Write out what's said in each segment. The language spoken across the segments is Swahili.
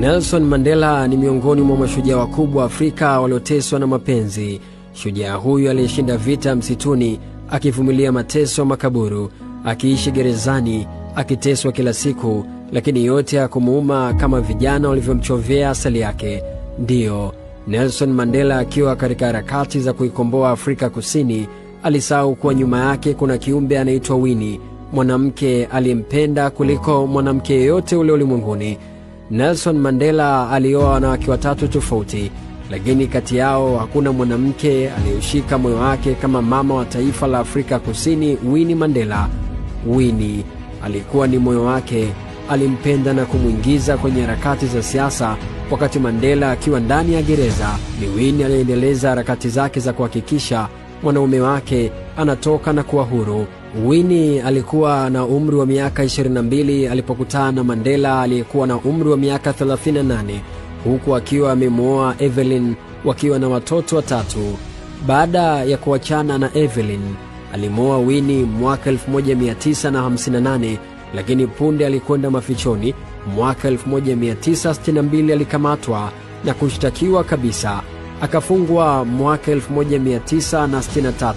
Nelson Mandela ni miongoni mwa mashujaa wakubwa Afrika walioteswa na mapenzi. Shujaa huyu aliyeshinda vita msituni, akivumilia mateso makaburu, akiishi gerezani, akiteswa kila siku, lakini yote hakumuuma kama vijana walivyomchovea asali yake. Ndiyo, Nelson Mandela akiwa katika harakati za kuikomboa Afrika Kusini alisahau kuwa nyuma yake kuna kiumbe anaitwa wini mwanamke aliyempenda kuliko mwanamke yeyote ule ulimwenguni. Nelson Mandela alioa wanawake watatu tofauti, lakini kati yao hakuna mwanamke aliyeshika moyo wake kama mama wa taifa la Afrika Kusini Winnie Mandela. Winnie alikuwa ni moyo wake, alimpenda na kumwingiza kwenye harakati za siasa. Wakati Mandela akiwa ndani ya gereza, ni Winnie aliyeendeleza harakati zake za kuhakikisha mwanaume wake anatoka na kuwa huru wini alikuwa na umri wa miaka 22 alipokutana na Mandela aliyekuwa na umri wa miaka 38 huku akiwa amemwoa Evelyn wakiwa na watoto watatu. Baada ya kuachana na Evelyn, alimwoa wini mwaka 1958 lakini punde alikwenda mafichoni. Mwaka 1962 alikamatwa na kushtakiwa kabisa, akafungwa mwaka 1963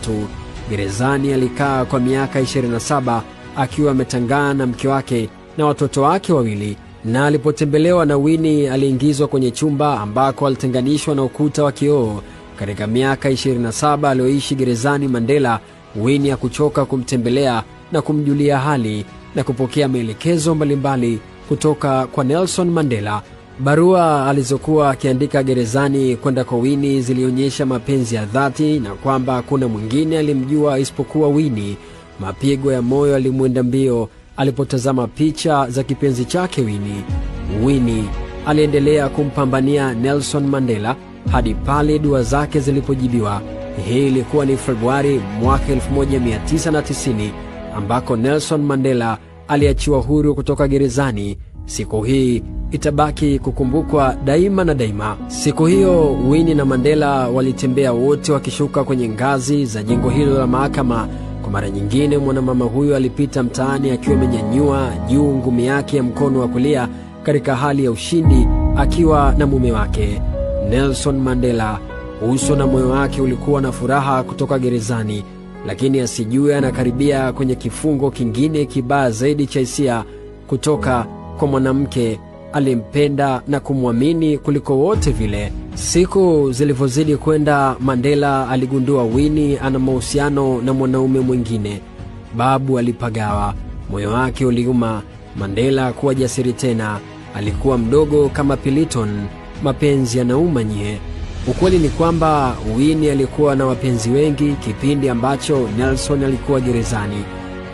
Gerezani alikaa kwa miaka 27 akiwa ametangana na mke wake na watoto wake wawili, na alipotembelewa na Wini aliingizwa kwenye chumba ambako alitenganishwa na ukuta wa kioo. Katika miaka 27 aliyoishi gerezani Mandela, Wini hakuchoka kumtembelea na kumjulia hali na kupokea maelekezo mbalimbali kutoka kwa Nelson Mandela Barua alizokuwa akiandika gerezani kwenda kwa wini zilionyesha mapenzi ya dhati na kwamba hakuna mwingine alimjua isipokuwa wini Mapigo ya moyo alimwenda mbio alipotazama picha za kipenzi chake wini wini aliendelea kumpambania Nelson Mandela hadi pale dua zake zilipojibiwa. Hii ilikuwa ni Februari mwaka 1990 ambako Nelson Mandela aliachiwa huru kutoka gerezani. Siku hii itabaki kukumbukwa daima na daima. Siku hiyo Winnie na Mandela walitembea wote wakishuka kwenye ngazi za jengo hilo la mahakama. Kwa mara nyingine, mwanamama huyo alipita mtaani akiwa amenyanyua juu ngumi yake ya mkono wa kulia katika hali ya ushindi, akiwa na mume wake Nelson Mandela. Uso na moyo wake ulikuwa na furaha kutoka gerezani, lakini asijue anakaribia kwenye kifungo kingine kibaya zaidi cha hisia kutoka kwa mwanamke alimpenda na kumwamini kuliko wote vile. Siku zilivyozidi kwenda, Mandela aligundua Winnie ana mahusiano na mwanaume mwingine. Babu alipagawa, moyo wake uliuma. Mandela kuwa jasiri tena, alikuwa mdogo kama Piliton. Mapenzi yanauma nyie. Ukweli ni kwamba Winnie alikuwa na wapenzi wengi kipindi ambacho Nelson alikuwa gerezani,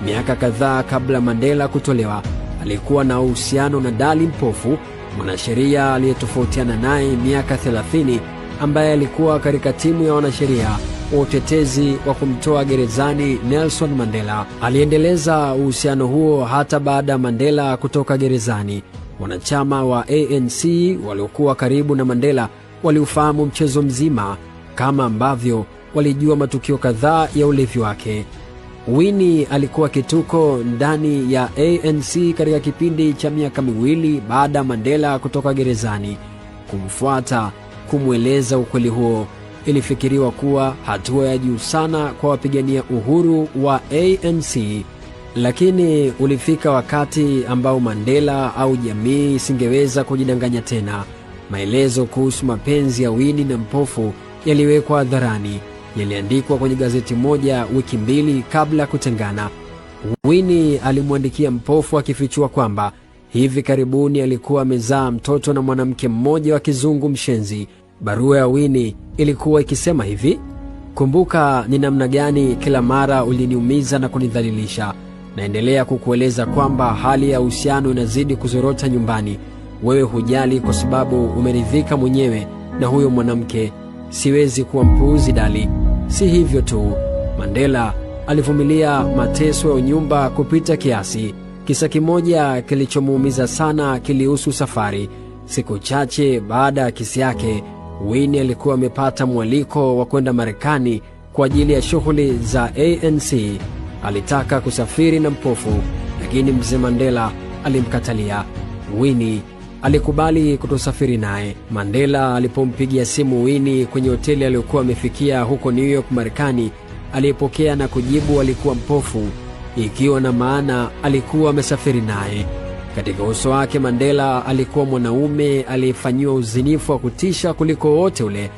miaka kadhaa kabla Mandela kutolewa aliyekuwa na uhusiano na Dali Mpofu, mwanasheria aliyetofautiana naye miaka 30 ambaye alikuwa katika timu ya wanasheria wa utetezi wa kumtoa gerezani Nelson Mandela. Aliendeleza uhusiano huo hata baada ya Mandela kutoka gerezani. Wanachama wa ANC waliokuwa karibu na Mandela waliufahamu mchezo mzima, kama ambavyo walijua matukio kadhaa ya ulevi wake wini alikuwa kituko ndani ya ANC katika kipindi cha miaka miwili baada ya Mandela kutoka gerezani. Kumfuata, kumweleza ukweli huo, ilifikiriwa kuwa hatua ya juu sana kwa wapigania uhuru wa ANC, lakini ulifika wakati ambao Mandela au jamii isingeweza kujidanganya tena. Maelezo kuhusu mapenzi ya wini na mpofu yaliwekwa hadharani liliandikwa kwenye gazeti moja wiki mbili kabla ya kutengana. wini alimwandikia Mpofu akifichua kwamba hivi karibuni alikuwa amezaa mtoto na mwanamke mmoja wa kizungu mshenzi. Barua ya wini ilikuwa ikisema hivi: kumbuka ni namna gani kila mara uliniumiza na kunidhalilisha. Naendelea kukueleza kwamba hali ya uhusiano inazidi kuzorota nyumbani. Wewe hujali kwa sababu umeridhika mwenyewe na huyo mwanamke. Siwezi kuwa mpuuzi, Dali. Si hivyo tu, Mandela alivumilia mateso ya unyumba kupita kiasi. Kisa kimoja kilichomuumiza sana kilihusu safari. Siku chache baada ya kesi yake, Winnie alikuwa amepata mwaliko wa kwenda Marekani kwa ajili ya shughuli za ANC. Alitaka kusafiri na mpofu, lakini mzee Mandela alimkatalia. Winnie alikubali kutosafiri naye. Mandela alipompigia simu wini kwenye hoteli aliyokuwa amefikia huko New York, Marekani, aliyepokea na kujibu alikuwa mpofu, ikiwa na maana alikuwa amesafiri naye. Katika uso wake Mandela alikuwa mwanaume aliyefanyiwa uzinifu wa kutisha kuliko wote ule.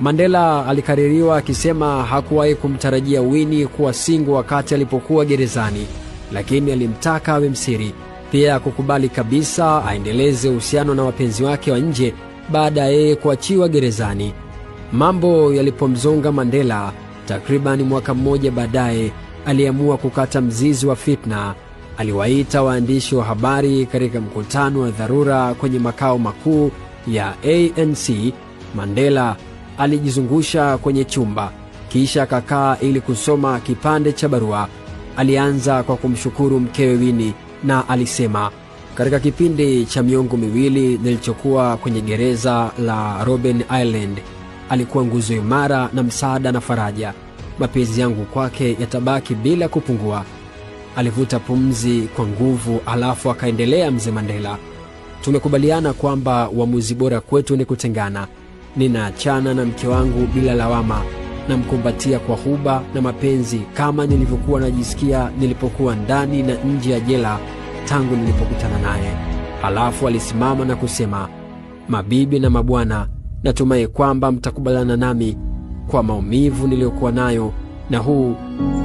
Mandela alikaririwa akisema hakuwahi kumtarajia wini kuwa singo wakati alipokuwa gerezani, lakini alimtaka awe msiri pia kukubali kabisa aendeleze uhusiano na wapenzi wake wa nje baada ya yeye kuachiwa gerezani. Mambo yalipomzonga Mandela, takribani mwaka mmoja baadaye, aliamua kukata mzizi wa fitna. Aliwaita waandishi wa habari katika mkutano wa dharura kwenye makao makuu ya ANC. Mandela alijizungusha kwenye chumba kisha akakaa ili kusoma kipande cha barua. Alianza kwa kumshukuru mkewe Winnie na alisema, katika kipindi cha miongo miwili nilichokuwa kwenye gereza la Robben Island, alikuwa nguzo imara na msaada na faraja. Mapenzi yangu kwake yatabaki bila kupungua. Alivuta pumzi kwa nguvu, alafu akaendelea, Mzee Mandela, tumekubaliana kwamba uamuzi bora kwetu ni kutengana. Ninaachana na mke wangu bila lawama namkumbatia kwa huba na mapenzi kama nilivyokuwa najisikia nilipokuwa ndani na nje ya jela tangu nilipokutana naye. Halafu alisimama na kusema, mabibi na mabwana, natumai kwamba mtakubaliana nami kwa maumivu niliyokuwa nayo, na huu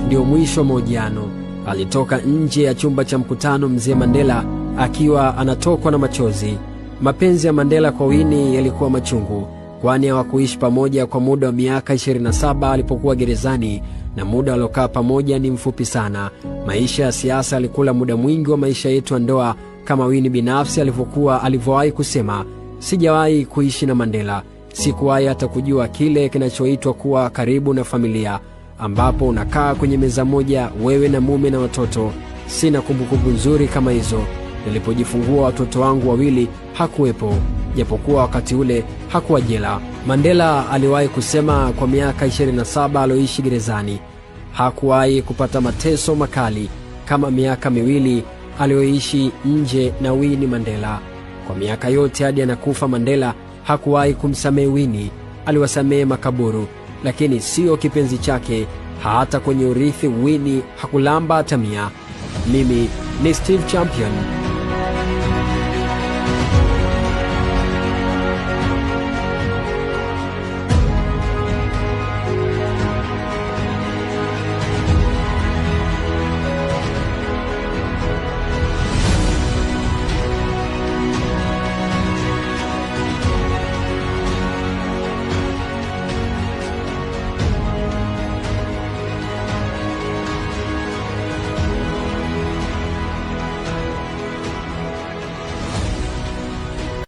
ndio mwisho wa mahojiano. Alitoka nje ya chumba cha mkutano mzee Mandela akiwa anatokwa na machozi. Mapenzi ya Mandela kwa wini yalikuwa machungu kwani hawakuishi pamoja kwa muda wa miaka 27 alipokuwa gerezani, na muda waliokaa pamoja ni mfupi sana. Maisha ya siasa alikula muda mwingi wa maisha yetu ya ndoa, kama wini binafsi alivyokuwa alivyowahi kusema, sijawahi kuishi na Mandela, sikuwahi hata kujua kile kinachoitwa kuwa karibu na familia, ambapo unakaa kwenye meza moja wewe na mume na watoto. Sina kumbukumbu nzuri kama hizo. Nilipojifungua watoto wangu wawili hakuwepo japokuwa wakati ule hakuwa jela. Mandela aliwahi kusema kwa miaka 27 aliyoishi gerezani hakuwahi kupata mateso makali kama miaka miwili aliyoishi nje na Winnie Mandela. Kwa miaka yote hadi anakufa, Mandela hakuwahi kumsamehe Winnie. Aliwasamehe makaburu, lakini siyo kipenzi chake. Hata kwenye urithi Winnie hakulamba tamia. Mimi ni Steve Champion.